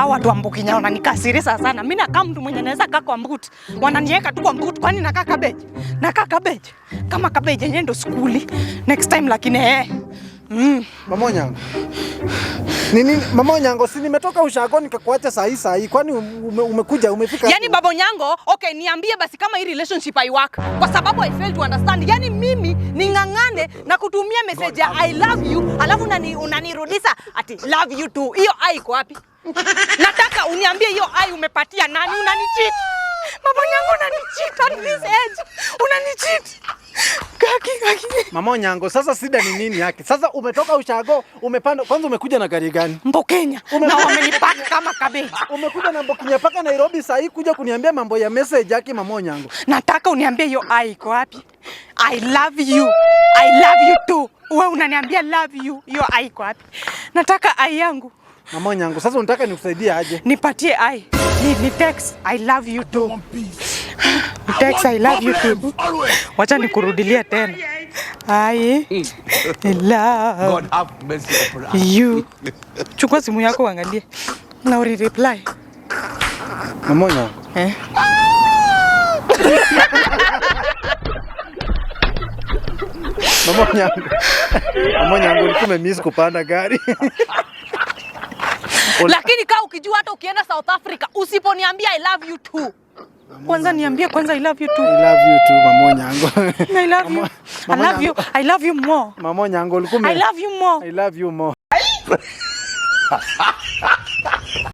hawa watu wa Mbuki nyao wananikasirisha sana. Mimi nakaa mtu mwenye naweza kaa kwa mbuti, wananiweka tu kwa mbuti. Kwani nakaa kabeji? Nakaa kabeji kama kabeji yenyewe ndo skuli next time, lakini eh Mm. Mama Onyango. Nini Mama Onyango, si nimetoka ushago nikakuacha saa hii saa hii. Kwani ume, umekuja umefika? Yaani Baba Onyango, okay, niambie basi kama hii relationship I work. Kwa sababu I fail to understand. Yaani mimi ning'ang'ane na kutumia message ya I love you, alafu unanirudisha ati love you too. Hiyo ai iko wapi? Nataka uniambie hiyo ai umepatia nani? Unanichiti. Mamonyango unanichit at this age. unanichit Kaki, kaki. Mamonyango, sasa sida ni nini yake? Sasa umetoka ushago, umepanda kwanza umekuja na gari gani? Mbokenya. Na wamenipaka kama kabeji. Umekuja na mbokenya paka Nairobi saa hii kuja kuniambia mambo ya message yake Mamonyango. Nataka uniambie hiyo ai iko wapi? I love you. I love you too. Wewe unaniambia love you. Hiyo ai iko wapi? Nataka ai yangu. Mama nyangu, sasa unataka nikusaidie aje? Nipatie ai. Ni, ni text I love you too. Ni Text I love you too. Wacha nikurudilia tena. Ai. I mm. love God have mercy upon us. You. Chukua simu yako uangalie. Na uri reply. Mama nyangu. Eh? Mama nyangu. Mama nyangu, nikume umemiss kupanda gari. lakini kaa ukijua hata ukienda South Africa usiponiambia I love you too kwanza niambie kwanza I love you too. I love you too, mamo nyango. I love you. I love you. I love you more. Mamo nyango, I love you more. I love you more.